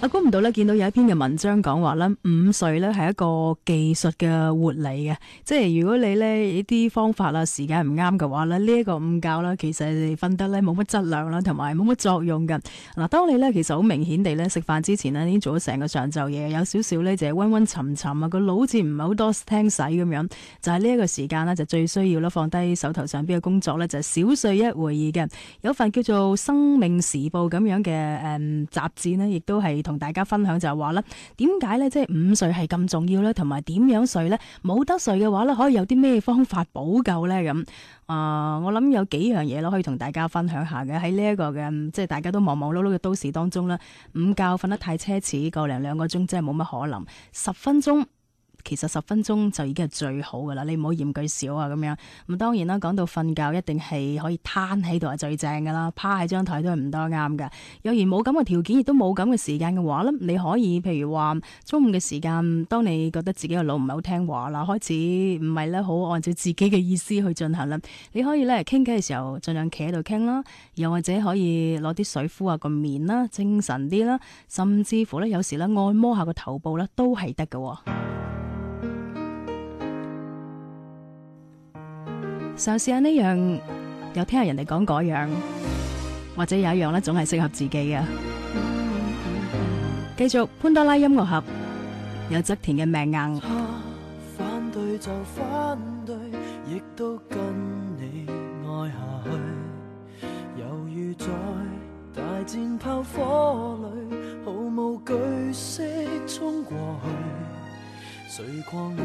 啊，估唔到咧，見到有一篇嘅文章講話咧，午睡咧係一個技術嘅活嚟嘅，即係如果你呢一啲方法啊時間唔啱嘅話咧，呢、這、一個午覺咧其實係瞓得咧冇乜質量啦，同埋冇乜作用嘅。嗱，當你咧其實好明顯地咧食飯之前呢已經做咗成個上晝嘢，有少少咧就係昏昏沉沉啊，個腦好似唔係好多聽使咁樣，就係呢一個時間咧就最需要咯，放低手頭上邊嘅工作咧就係、是、小睡一會嘅。有一份叫做《生命時報》咁樣嘅誒雜誌咧，亦都係。同大家分享就係話啦，點解咧即係午睡係咁重要咧，同埋點樣睡咧？冇得睡嘅話咧，可以有啲咩方法補救咧？咁啊、呃，我諗有幾樣嘢咯，可以同大家分享一下嘅。喺呢一個嘅即係大家都忙忙碌碌嘅都市當中咧，午覺瞓得太奢侈，個零兩個鐘真係冇乜可能，十分鐘。其實十分鐘就已經係最好噶啦，你唔好嫌佢少啊，咁樣。咁當然啦，講到瞓覺，一定係可以攤喺度係最正噶啦。趴喺張台都係唔多啱噶。若然冇咁嘅條件，亦都冇咁嘅時間嘅話咧，你可以譬如話中午嘅時間，當你覺得自己個腦唔係好聽話啦，開始唔係咧好按照自己嘅意思去進行啦，你可以咧傾偈嘅時候盡量企喺度傾啦，又或者可以攞啲水敷一下個面啦，精神啲啦，甚至乎咧有時咧按摩一下個頭部啦，都係得噶。嘗試下呢樣，又聽下人哋講嗰樣，或者有一樣咧，總係適合自己嘅。繼續潘多拉音樂盒，有側田嘅命硬。反對就反對，亦都跟你愛下去，猶如在大戰炮火裏，毫無懼色衝過去，誰狂怒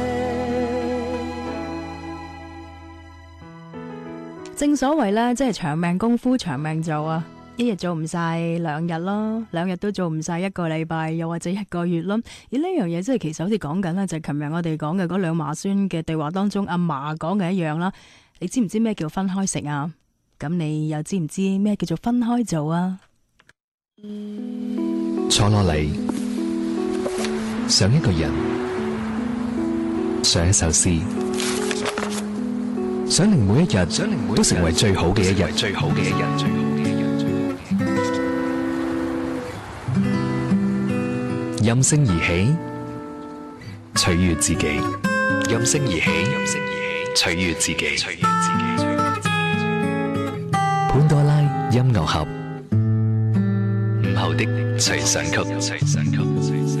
正所謂咧，即係長命功夫長命做啊！一日做唔晒，兩日咯，兩日都做唔晒，一個禮拜又或者一個月咯。而呢樣嘢真係其實好似講緊咧，就係琴日我哋講嘅嗰兩嫲孫嘅對話當中，阿嫲講嘅一樣啦。你知唔知咩叫分開食啊？咁你又知唔知咩叫做分開做啊？坐落嚟，想一個人，想一首詩。想令每一日都成為最好嘅一日，任性而起，取悅自己；任性而起，取悅自己。潘多拉音樂盒，午後的隨想曲。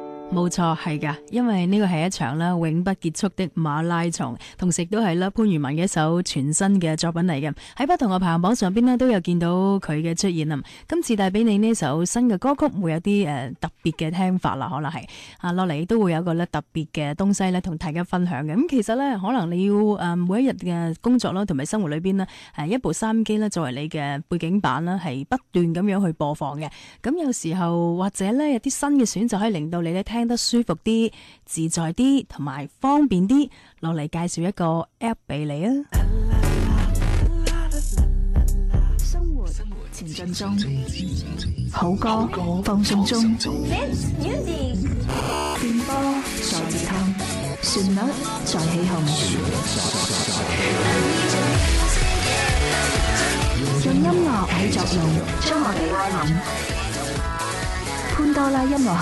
冇錯，係噶，因為呢個係一場咧永不結束的馬拉松，同時亦都係啦潘如文嘅一首全新嘅作品嚟嘅。喺不同嘅排行榜上邊咧都有見到佢嘅出現啊！今次帶俾你呢首新嘅歌曲，會有啲誒、呃、特別嘅聽法啦，可能係啊落嚟都會有個咧特別嘅東西咧同大家分享嘅。咁其實咧，可能你要誒每一日嘅工作啦，同埋生活裏邊咧，誒一部三機咧作為你嘅背景板啦，係不斷咁樣去播放嘅。咁有時候或者咧有啲新嘅選擇可以令到你咧聽。聽得舒服啲、自在啲同埋方便啲，落嚟介紹一個 App 俾你啊！生活前進中，好歌放送中，電波在節拍，旋律在起哄，用音樂起作用，將我哋吸引。潘多拉音樂盒。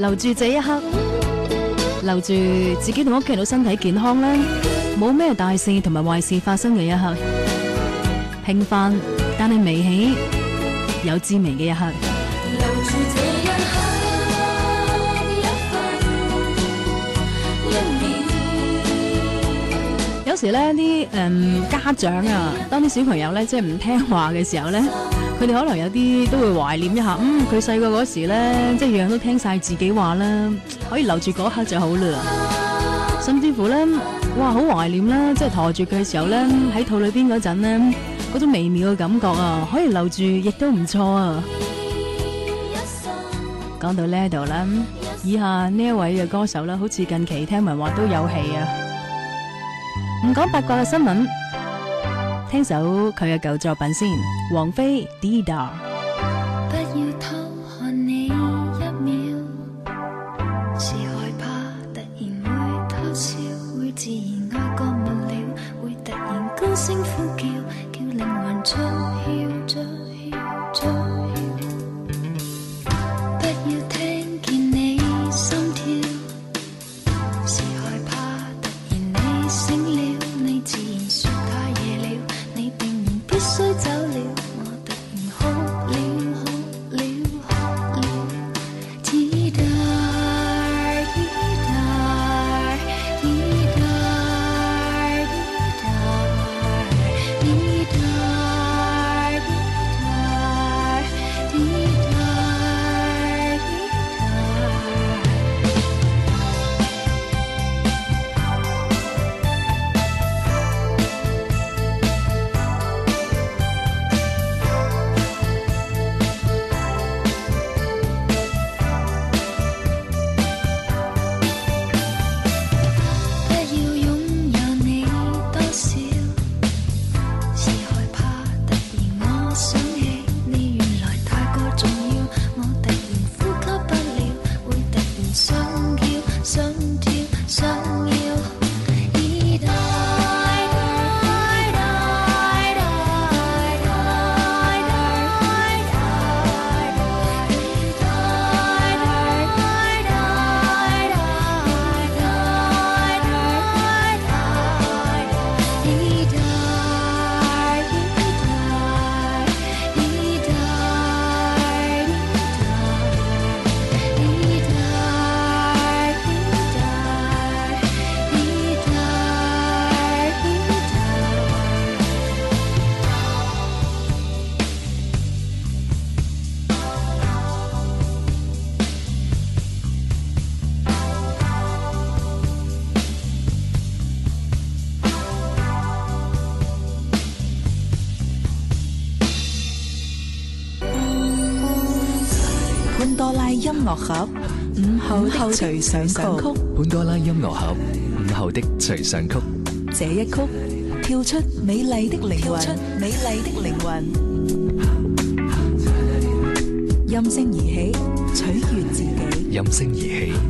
留住這一刻，留住自己同屋企人身體健康啦，冇咩大事同埋壞事發生嘅一刻，平凡，但係未起有滋味嘅一刻。留住這一刻，一分一秒。有時咧啲誒家長啊，當啲小朋友咧即係唔聽話嘅時候咧。佢哋可能有啲都會懷念一下，嗯，佢細個嗰時咧，即係樣樣都聽晒自己話啦，可以留住嗰刻就好啦。甚至乎咧，哇，好懷念啦，即係馱住佢嘅時候咧，喺肚裏邊嗰陣咧，嗰種微妙嘅感覺啊，可以留住亦都唔錯啊。講到呢度啦，以下呢一位嘅歌手咧，好似近期聽聞話都有戲啊。唔講八卦嘅新聞。聽首佢嘅舊作品先，王菲《Di-Dar》。隨上曲，潘多拉音樂盒午後的隨上曲，這一曲跳出美麗的靈魂，跳出美麗的靈魂，音聲而起，取悅自己，音聲而起。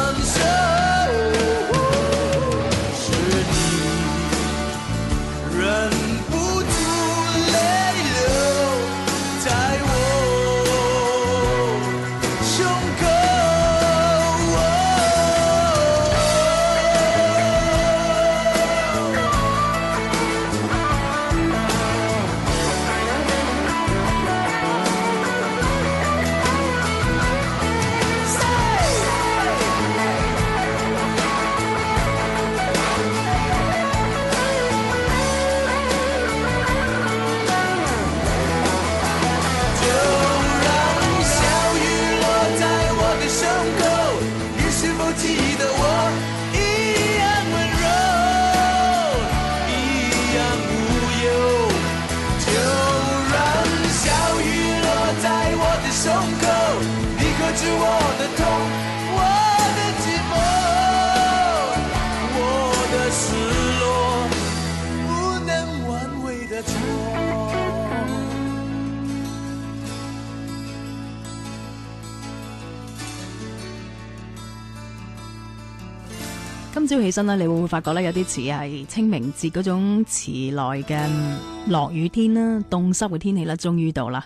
身咧，你會發覺咧，有啲似係清明節嗰種遲來嘅落雨天啦，凍濕嘅天氣咧，終於到啦。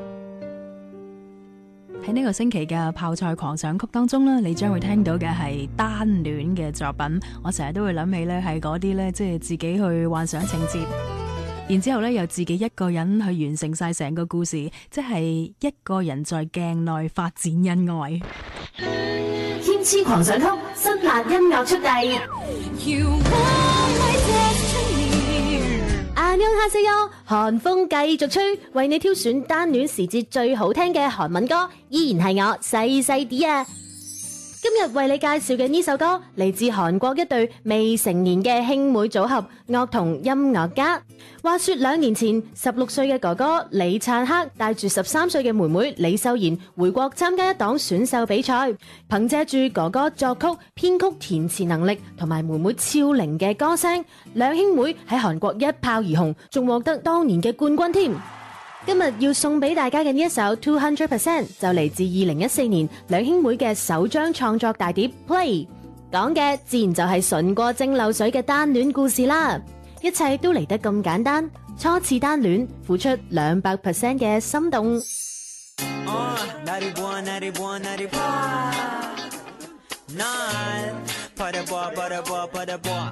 喺呢個星期嘅《泡菜狂想曲》當中呢，你將會聽到嘅係單戀嘅作品。我成日都會諗起呢係嗰啲呢，即係自己去幻想情節，然之後咧又自己一個人去完成晒成個故事，即係一個人在鏡內發展恩愛。天痴狂想曲，新辣音樂出地。聽下先哦，寒風繼續吹，為你挑選單戀時節最好聽嘅韓文歌，依然係我細細啲啊。今日為你介紹嘅呢首歌嚟自韓國一對未成年嘅兄妹組合樂童音樂家。話說兩年前，十六歲嘅哥哥李燦克帶住十三歲嘅妹妹李秀賢回國參加一檔選秀比賽，憑借住哥哥作曲、編曲、填詞能力同埋妹妹超齡嘅歌聲，兩兄妹喺韓國一炮而紅，仲獲得當年嘅冠軍添。今日要送俾大家嘅呢一首 Two Hundred Percent 就嚟自二零一四年兩兄妹嘅首張創作大碟 Play，講嘅自然就係純過蒸餾水嘅單戀故事啦。一切都嚟得咁簡單，初次單戀付出兩百 percent 嘅心動。Uh,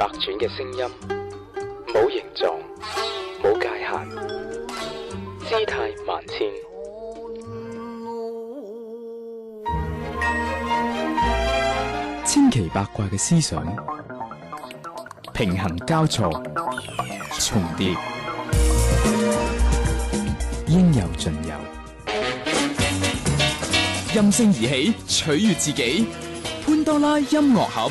百轉嘅聲音，冇形狀，冇界限，姿態萬千，千奇百怪嘅思想，平衡交錯，重疊，應有盡有，音聲而起，取悅自己，潘多拉音樂盒。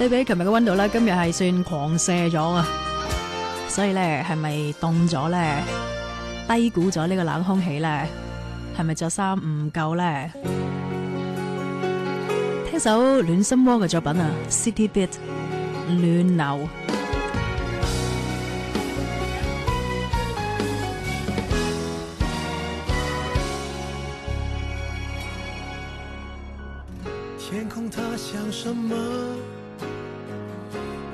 對比琴日嘅溫度咧，今日係算狂瀉咗啊！所以咧，係咪凍咗咧？低估咗呢個冷空氣咧？係咪着衫唔夠咧？聽首暖心窩嘅作品啊，《City Beat》暖流。天空它想什麼？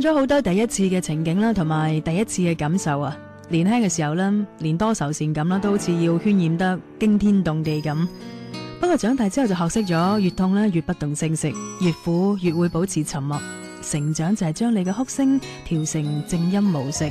咗好多第一次嘅情景啦，同埋第一次嘅感受啊！年輕嘅時候呢，連多愁善感啦，都好似要渲染得驚天動地咁。不過長大之後就學識咗，越痛咧越不動聲色，越苦越會保持沉默。成長就係將你嘅哭聲調成靜音模式。